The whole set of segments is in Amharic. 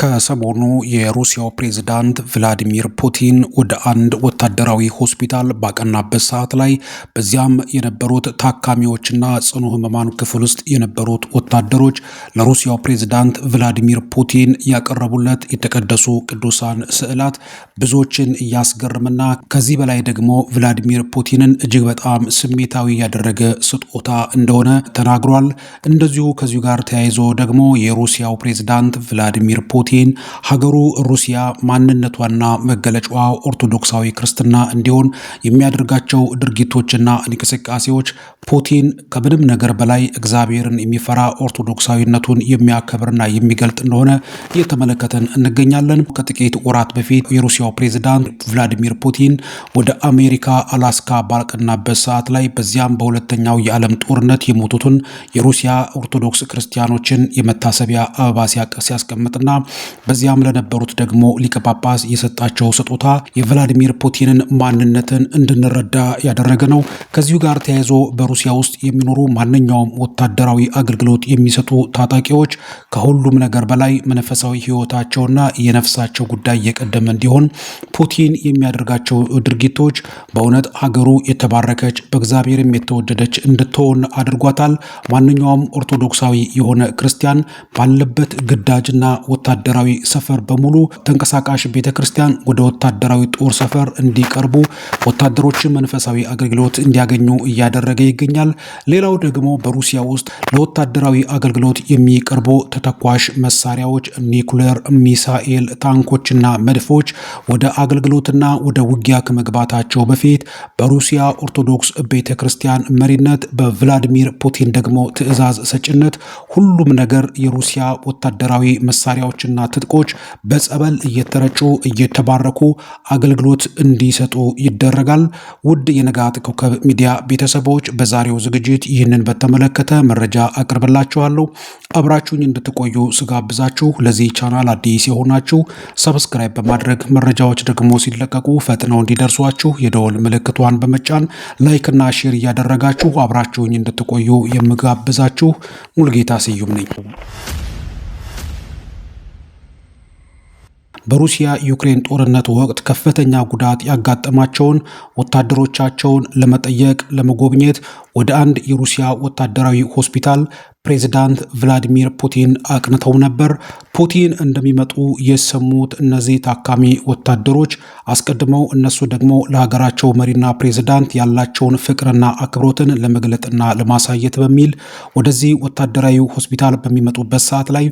ከሰሞኑ የሩሲያው ፕሬዝዳንት ቭላዲሚር ፑቲን ወደ አንድ ወታደራዊ ሆስፒታል ባቀናበት ሰዓት ላይ በዚያም የነበሩት ታካሚዎችና ጽኑ ህመማን ክፍል ውስጥ የነበሩት ወታደሮች ለሩሲያው ፕሬዝዳንት ቭላዲሚር ፑቲን ያቀረቡለት የተቀደሱ ቅዱሳን ስዕላት ብዙዎችን እያስገርምና ከዚህ በላይ ደግሞ ቭላዲሚር ፑቲንን እጅግ በጣም ስሜታዊ ያደረገ ስጦታ እንደሆነ ተናግሯል። እንደዚሁ ከዚሁ ጋር ተያይዞ ደግሞ የሩሲያው ፕሬዝዳንት ቭላዲሚር ፑቲን ፑቲን ሀገሩ ሩሲያ ማንነቷና መገለጫዋ ኦርቶዶክሳዊ ክርስትና እንዲሆን የሚያደርጋቸው ድርጊቶችና እንቅስቃሴዎች ፑቲን ከምንም ነገር በላይ እግዚአብሔርን የሚፈራ ኦርቶዶክሳዊነቱን የሚያከብርና የሚገልጥ እንደሆነ እየተመለከተን እንገኛለን። ከጥቂት ወራት በፊት የሩሲያው ፕሬዝዳንት ቭላዲሚር ፑቲን ወደ አሜሪካ አላስካ ባቀናበት ሰዓት ላይ በዚያም በሁለተኛው የዓለም ጦርነት የሞቱትን የሩሲያ ኦርቶዶክስ ክርስቲያኖችን የመታሰቢያ አበባ ሲያስቀምጥና በዚያም ለነበሩት ደግሞ ሊቀ ጳጳስ የሰጣቸው ስጦታ የቭላዲሚር ፑቲንን ማንነትን እንድንረዳ ያደረገ ነው። ከዚሁ ጋር ተያይዞ በሩሲያ ውስጥ የሚኖሩ ማንኛውም ወታደራዊ አገልግሎት የሚሰጡ ታጣቂዎች ከሁሉም ነገር በላይ መንፈሳዊ ሕይወታቸውና የነፍሳቸው ጉዳይ የቀደመ እንዲሆን ፑቲን የሚያደርጋቸው ድርጊቶች በእውነት ሀገሩ የተባረከች በእግዚአብሔርም የተወደደች እንድትሆን አድርጓታል። ማንኛውም ኦርቶዶክሳዊ የሆነ ክርስቲያን ባለበት ግዳጅና ወታደ ወታደራዊ ሰፈር በሙሉ ተንቀሳቃሽ ቤተ ክርስቲያን ወደ ወታደራዊ ጦር ሰፈር እንዲቀርቡ ወታደሮች መንፈሳዊ አገልግሎት እንዲያገኙ እያደረገ ይገኛል። ሌላው ደግሞ በሩሲያ ውስጥ ለወታደራዊ አገልግሎት የሚቀርቡ ተተኳሽ መሳሪያዎች፣ ኒኩሌር ሚሳኤል፣ ታንኮችና መድፎች ወደ አገልግሎትና ወደ ውጊያ ከመግባታቸው በፊት በሩሲያ ኦርቶዶክስ ቤተ ክርስቲያን መሪነት በቭላዲሚር ፑቲን ደግሞ ትዕዛዝ ሰጭነት ሁሉም ነገር የሩሲያ ወታደራዊ መሳሪያዎችና መሳሪያዎችና ትጥቆች በጸበል እየተረጩ እየተባረኩ አገልግሎት እንዲሰጡ ይደረጋል። ውድ የንጋት ኮከብ ሚዲያ ቤተሰቦች በዛሬው ዝግጅት ይህንን በተመለከተ መረጃ አቅርብላችኋለሁ። አብራችሁኝ እንድትቆዩ ስጋብዛችሁ ለዚህ ቻናል አዲስ የሆናችሁ ሰብስክራይብ በማድረግ መረጃዎች ደግሞ ሲለቀቁ ፈጥነው እንዲደርሷችሁ የደወል ምልክቷን በመጫን ላይክና ሼር እያደረጋችሁ አብራችሁኝ እንድትቆዩ የምጋብዛችሁ ሙልጌታ ስዩም ነኝ። በሩሲያ ዩክሬን ጦርነት ወቅት ከፍተኛ ጉዳት ያጋጠማቸውን ወታደሮቻቸውን ለመጠየቅ ለመጎብኘት ወደ አንድ የሩሲያ ወታደራዊ ሆስፒታል ፕሬዚዳንት ቭላዲሚር ፑቲን አቅንተው ነበር። ፑቲን እንደሚመጡ የሰሙት እነዚህ ታካሚ ወታደሮች አስቀድመው እነሱ ደግሞ ለሀገራቸው መሪና ፕሬዚዳንት ያላቸውን ፍቅርና አክብሮትን ለመግለጥና ለማሳየት በሚል ወደዚህ ወታደራዊ ሆስፒታል በሚመጡበት ሰዓት ላይ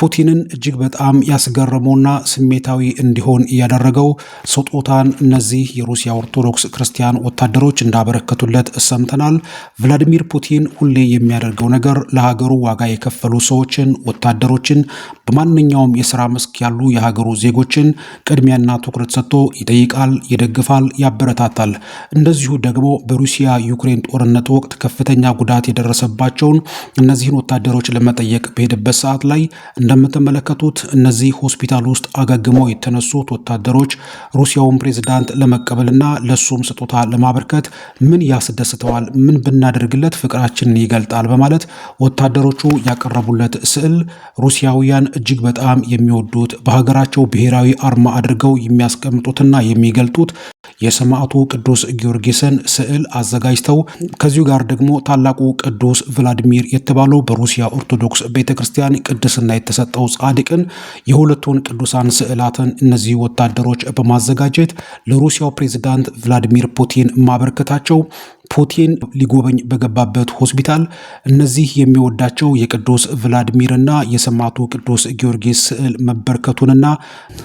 ፑቲንን እጅግ በጣም ያስገረመውና ስሜታዊ እንዲሆን ያደረገው ስጦታን እነዚህ የሩሲያ ኦርቶዶክስ ክርስቲያን ወታደሮች እንዳበረከቱለት ሰምተናል። ቭላዲሚር ፑቲን ሁሌ የሚያደርገው ነገር ለሀገሩ ዋጋ የከፈሉ ሰዎችን፣ ወታደሮችን፣ በማንኛውም የስራ መስክ ያሉ የሀገሩ ዜጎችን ቅድሚያና ትኩረት ሰጥቶ ይጠይቃል፣ ይደግፋል፣ ያበረታታል። እንደዚሁ ደግሞ በሩሲያ ዩክሬን ጦርነት ወቅት ከፍተኛ ጉዳት የደረሰባቸውን እነዚህን ወታደሮች ለመጠየቅ በሄደበት ሰዓት ላይ እንደምትመለከቱት እነዚህ ሆስፒታል ውስጥ አገግመው የተነሱት ወታደሮች ሩሲያውን ፕሬዝዳንት ለመቀበልና ለሱም ስጦታ ለማበርከት ምን ያስደስተዋል? ምን ብናደርግለት ፍቅራችንን ይገልጣል? በማለት ወታደሮቹ ያቀረቡለት ስዕል ሩሲያውያን እጅግ በጣም የሚወዱት በሀገራቸው ብሔራዊ አርማ አድርገው የሚያስቀምጡትና የሚገልጡት የሰማዕቱ ቅዱስ ጊዮርጊስን ስዕል አዘጋጅተው ከዚሁ ጋር ደግሞ ታላቁ ቅዱስ ቭላዲሚር የተባለው በሩሲያ ኦርቶዶክስ ቤተክርስቲያን ቅድስና የተ የተሰጠው ጻድቅን የሁለቱን ቅዱሳን ስዕላትን እነዚህ ወታደሮች በማዘጋጀት ለሩሲያው ፕሬዝዳንት ቭላዲሚር ፑቲን ማበርከታቸው ፑቲን ሊጎበኝ በገባበት ሆስፒታል እነዚህ የሚወዳቸው የቅዱስ ቭላድሚርና የሰማዕቱ ቅዱስ ጊዮርጊስ ስዕል መበርከቱንና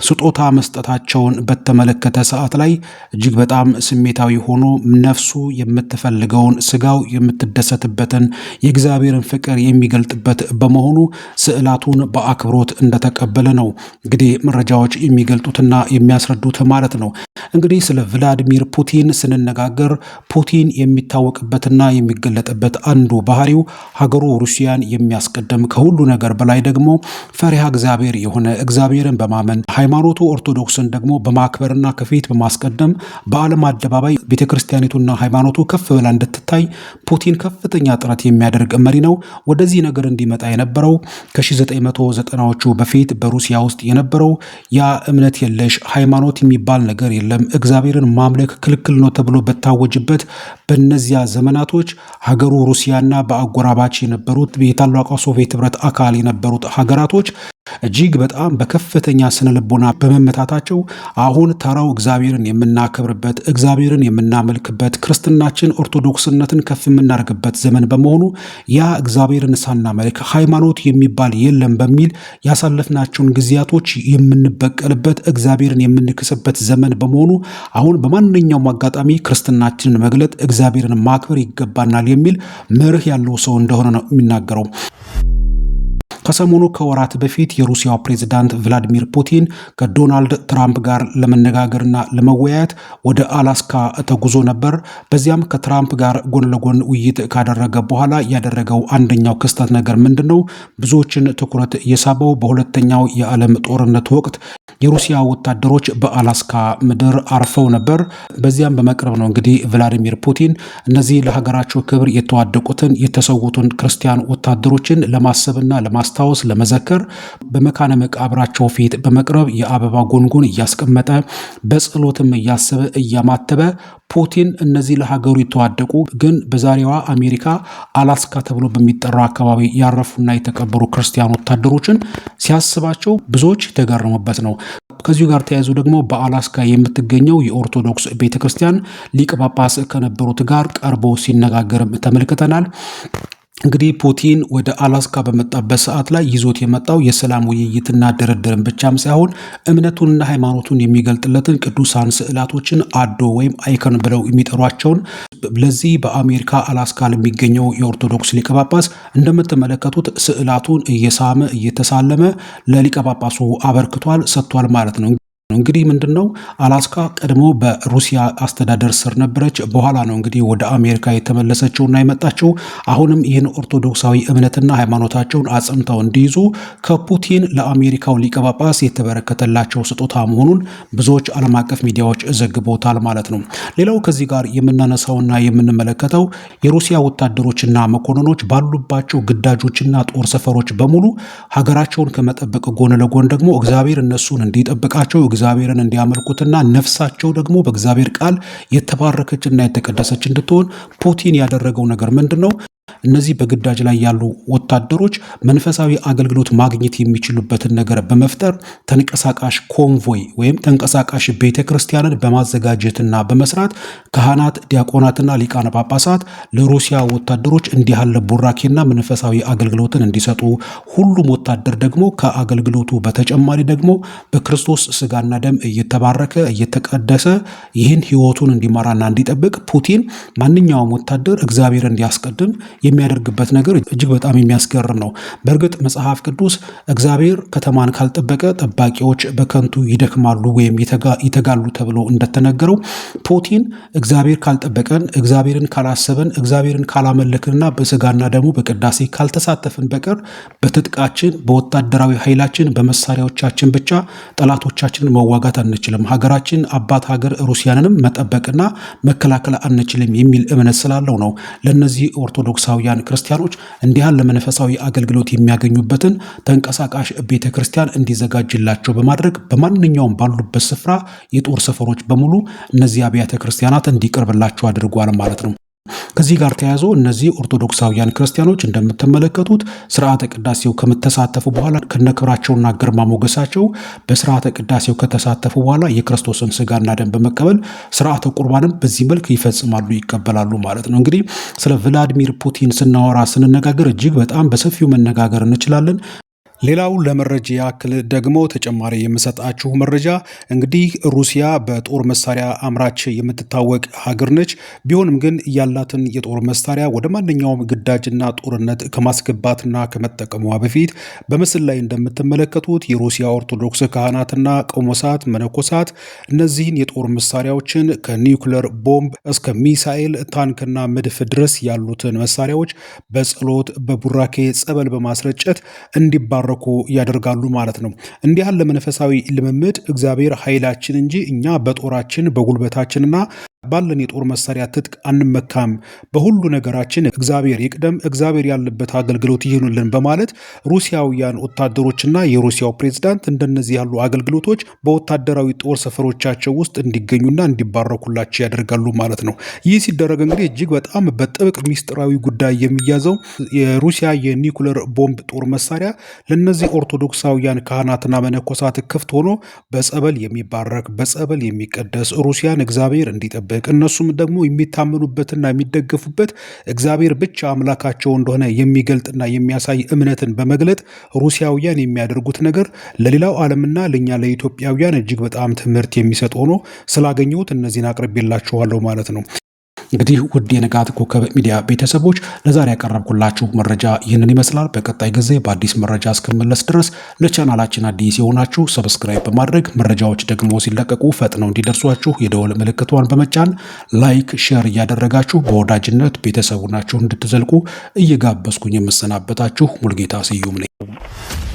ስጦታ መስጠታቸውን በተመለከተ ሰዓት ላይ እጅግ በጣም ስሜታዊ ሆኖ ነፍሱ የምትፈልገውን ስጋው የምትደሰትበትን የእግዚአብሔርን ፍቅር የሚገልጥበት በመሆኑ ስዕላቱን በአክብሮት እንደተቀበለ ነው እንግዲህ መረጃዎች የሚገልጡትና የሚያስረዱት ማለት ነው። እንግዲህ ስለ ቭላድሚር ፑቲን ስንነጋገር ፑቲን የሚታወቅበትና የሚገለጥበት አንዱ ባህሪው ሀገሩ ሩሲያን የሚያስቀድም ከሁሉ ነገር በላይ ደግሞ ፈሪሃ እግዚአብሔር የሆነ እግዚአብሔርን በማመን ሃይማኖቱ ኦርቶዶክስን ደግሞ በማክበርና ከፊት በማስቀደም በዓለም አደባባይ ቤተክርስቲያኒቱና ሃይማኖቱ ከፍ ብላ እንድትታይ ፑቲን ከፍተኛ ጥረት የሚያደርግ መሪ ነው። ወደዚህ ነገር እንዲመጣ የነበረው ከ1990ዎቹ በፊት በሩሲያ ውስጥ የነበረው ያ እምነት የለሽ ሃይማኖት የሚባል ነገር የለም፣ እግዚአብሔርን ማምለክ ክልክል ነው ተብሎ በታወጅበት በእነዚያ ዘመናቶች ሀገሩ ሩሲያና በአጎራባች የነበሩት የታላቋ ሶቪየት ህብረት አካል የነበሩት ሀገራቶች እጅግ በጣም በከፍተኛ ስነ ልቦና በመመታታቸው አሁን ተራው እግዚአብሔርን የምናከብርበት እግዚአብሔርን የምናመልክበት ክርስትናችን ኦርቶዶክስነትን ከፍ የምናደርግበት ዘመን በመሆኑ ያ እግዚአብሔርን ሳናመልክ ሃይማኖት የሚባል የለም በሚል ያሳለፍናቸውን ጊዜያቶች የምንበቀልበት እግዚአብሔርን የምንክስበት ዘመን በመሆኑ አሁን በማንኛውም አጋጣሚ ክርስትናችንን መግለጥ እግዚአብሔርን ማክበር ይገባናል የሚል መርህ ያለው ሰው እንደሆነ ነው የሚናገረው። ከሰሞኑ ከወራት በፊት የሩሲያው ፕሬዝዳንት ቭላዲሚር ፑቲን ከዶናልድ ትራምፕ ጋር ለመነጋገርና ለመወያየት ወደ አላስካ ተጉዞ ነበር። በዚያም ከትራምፕ ጋር ጎን ለጎን ውይይት ካደረገ በኋላ ያደረገው አንደኛው ክስተት ነገር ምንድን ነው? ብዙዎችን ትኩረት የሳበው በሁለተኛው የዓለም ጦርነት ወቅት የሩሲያ ወታደሮች በአላስካ ምድር አርፈው ነበር። በዚያም በመቅረብ ነው እንግዲህ ቭላዲሚር ፑቲን እነዚህ ለሀገራቸው ክብር የተዋደቁትን የተሰዉትን ክርስቲያን ወታደሮችን ለማሰብና ለማ። ለማስታወስ ለመዘከር በመካነ መቃብራቸው ፊት በመቅረብ የአበባ ጎንጎን እያስቀመጠ በጸሎትም እያሰበ እያማተበ ፑቲን እነዚህ ለሀገሩ የተዋደቁ ግን በዛሬዋ አሜሪካ አላስካ ተብሎ በሚጠራው አካባቢ ያረፉና የተቀበሩ ክርስቲያን ወታደሮችን ሲያስባቸው ብዙዎች የተገረሙበት ነው። ከዚሁ ጋር ተያይዞ ደግሞ በአላስካ የምትገኘው የኦርቶዶክስ ቤተክርስቲያን ሊቀ ጳጳስ ከነበሩት ጋር ቀርቦ ሲነጋገርም ተመልክተናል። እንግዲህ ፑቲን ወደ አላስካ በመጣበት ሰዓት ላይ ይዞት የመጣው የሰላም ውይይትና ድርድርን ብቻም ሳይሆን እምነቱንና ሃይማኖቱን የሚገልጥለትን ቅዱሳን ስዕላቶችን አዶ ወይም አይከን ብለው የሚጠሯቸውን ለዚህ በአሜሪካ አላስካ ለሚገኘው የኦርቶዶክስ ሊቀ ጳጳስ እንደምትመለከቱት ስዕላቱን እየሳመ እየተሳለመ ለሊቀ ጳጳሱ አበርክቷል ሰጥቷል ማለት ነው። እንግዲህ ምንድን ነው አላስካ ቀድሞ በሩሲያ አስተዳደር ስር ነበረች። በኋላ ነው እንግዲህ ወደ አሜሪካ የተመለሰችውና የመጣችው። አሁንም ይህን ኦርቶዶክሳዊ እምነትና ሃይማኖታቸውን አጽንተው እንዲይዙ ከፑቲን ለአሜሪካው ሊቀ ጳጳስ የተበረከተላቸው ስጦታ መሆኑን ብዙዎች ዓለም አቀፍ ሚዲያዎች ዘግቦታል ማለት ነው። ሌላው ከዚህ ጋር የምናነሳውና የምንመለከተው የሩሲያ ወታደሮችና መኮንኖች ባሉባቸው ግዳጆችና ጦር ሰፈሮች በሙሉ ሀገራቸውን ከመጠበቅ ጎን ለጎን ደግሞ እግዚአብሔር እነሱን እንዲጠብቃቸው እግዚአብሔርን እንዲያመልኩትና ነፍሳቸው ደግሞ በእግዚአብሔር ቃል የተባረከችና የተቀደሰች እንድትሆን ፑቲን ያደረገው ነገር ምንድን ነው? እነዚህ በግዳጅ ላይ ያሉ ወታደሮች መንፈሳዊ አገልግሎት ማግኘት የሚችሉበትን ነገር በመፍጠር ተንቀሳቃሽ ኮንቮይ ወይም ተንቀሳቃሽ ቤተ ክርስቲያንን በማዘጋጀትና በመስራት ካህናት፣ ዲያቆናትና ሊቃነ ጳጳሳት ለሩሲያ ወታደሮች እንዲህ ያለ ቡራኬና መንፈሳዊ አገልግሎትን እንዲሰጡ ሁሉም ወታደር ደግሞ ከአገልግሎቱ በተጨማሪ ደግሞ በክርስቶስ ስጋና ደም እየተባረከ እየተቀደሰ ይህን ህይወቱን እንዲመራና እንዲጠብቅ ፑቲን ማንኛውም ወታደር እግዚአብሔርን እንዲያስቀድም የሚያደርግበት ነገር እጅግ በጣም የሚያስገርም ነው። በእርግጥ መጽሐፍ ቅዱስ እግዚአብሔር ከተማን ካልጠበቀ ጠባቂዎች በከንቱ ይደክማሉ ወይም ይተጋሉ ተብሎ እንደተነገረው ፑቲን እግዚአብሔር ካልጠበቀን፣ እግዚአብሔርን ካላሰበን እግዚአብሔርን ካላመለክንና በስጋና ደግሞ በቅዳሴ ካልተሳተፍን በቀር በትጥቃችን በወታደራዊ ኃይላችን በመሳሪያዎቻችን ብቻ ጠላቶቻችንን መዋጋት አንችልም። ሀገራችን አባት ሀገር ሩሲያንንም መጠበቅና መከላከል አንችልም የሚል እምነት ስላለው ነው ለእነዚህ ኦርቶዶክስ ኦርቶዶክሳውያን ክርስቲያኖች እንዲህ ያለ መንፈሳዊ አገልግሎት የሚያገኙበትን ተንቀሳቃሽ ቤተ ክርስቲያን እንዲዘጋጅላቸው በማድረግ በማንኛውም ባሉበት ስፍራ የጦር ሰፈሮች በሙሉ እነዚህ አብያተ ክርስቲያናት እንዲቀርብላቸው አድርጓል ማለት ነው። ከዚህ ጋር ተያይዞ እነዚህ ኦርቶዶክሳውያን ክርስቲያኖች እንደምትመለከቱት ስርዓተ ቅዳሴው ከምተሳተፉ በኋላ ከነክብራቸውና ግርማ ሞገሳቸው በስርዓተ ቅዳሴው ከተሳተፉ በኋላ የክርስቶስን ስጋና ደም በመቀበል ስርዓተ ቁርባንም በዚህ መልክ ይፈጽማሉ፣ ይቀበላሉ ማለት ነው። እንግዲህ ስለ ቭላዲሚር ፑቲን ስናወራ ስንነጋገር እጅግ በጣም በሰፊው መነጋገር እንችላለን። ሌላው ለመረጃ ያክል ደግሞ ተጨማሪ የምሰጣችሁ መረጃ እንግዲህ ሩሲያ በጦር መሳሪያ አምራች የምትታወቅ ሀገር ነች። ቢሆንም ግን ያላትን የጦር መሳሪያ ወደ ማንኛውም ግዳጅና ጦርነት ከማስገባትና ከመጠቀሟ በፊት በምስል ላይ እንደምትመለከቱት የሩሲያ ኦርቶዶክስ ካህናትና ቆሞሳት፣ መነኮሳት እነዚህን የጦር መሳሪያዎችን ከኒውክለር ቦምብ እስከ ሚሳኤል፣ ታንክና መድፍ ድረስ ያሉትን መሳሪያዎች በጸሎት በቡራኬ ጸበል በማስረጨት እንዲባረ እንዲባረኩ ያደርጋሉ ማለት ነው። እንዲህ ያለ መንፈሳዊ ልምምድ እግዚአብሔር ኃይላችን እንጂ እኛ በጦራችን በጉልበታችንና ባለን የጦር መሳሪያ ትጥቅ አንመካም፣ በሁሉ ነገራችን እግዚአብሔር ይቅደም፣ እግዚአብሔር ያለበት አገልግሎት ይሁንልን በማለት ሩሲያውያን ወታደሮችና የሩሲያው ፕሬዝዳንት እንደነዚህ ያሉ አገልግሎቶች በወታደራዊ ጦር ሰፈሮቻቸው ውስጥ እንዲገኙና እንዲባረኩላቸው ያደርጋሉ ማለት ነው። ይህ ሲደረግ እንግዲህ እጅግ በጣም በጥብቅ ሚስጥራዊ ጉዳይ የሚያዘው የሩሲያ የኒኩለር ቦምብ ጦር መሳሪያ ለእነዚህ ኦርቶዶክሳውያን ካህናትና መነኮሳት ክፍት ሆኖ በጸበል የሚባረክ በጸበል የሚቀደስ ሩሲያን እግዚአብሔር እንዲጠ የሚያምኑበት እነሱም ደግሞ የሚታመኑበትና የሚደገፉበት እግዚአብሔር ብቻ አምላካቸው እንደሆነ የሚገልጥና የሚያሳይ እምነትን በመግለጥ ሩሲያውያን የሚያደርጉት ነገር ለሌላው ዓለምና ለእኛ ለኢትዮጵያውያን እጅግ በጣም ትምህርት የሚሰጥ ሆኖ ስላገኘሁት እነዚህን አቅርቤላችኋለሁ ማለት ነው። እንግዲህ ውድ የንጋት ኮከብ ሚዲያ ቤተሰቦች ለዛሬ ያቀረብኩላችሁ መረጃ ይህንን ይመስላል። በቀጣይ ጊዜ በአዲስ መረጃ እስክመለስ ድረስ ለቻናላችን አዲስ የሆናችሁ ሰብስክራይብ በማድረግ መረጃዎች ደግሞ ሲለቀቁ ፈጥነው እንዲደርሷችሁ የደወል ምልክቷን በመጫን ላይክ፣ ሼር እያደረጋችሁ በወዳጅነት ቤተሰቡናችሁ እንድትዘልቁ እየጋበዝኩኝ የምሰናበታችሁ ሙልጌታ ስዩም ነኝ።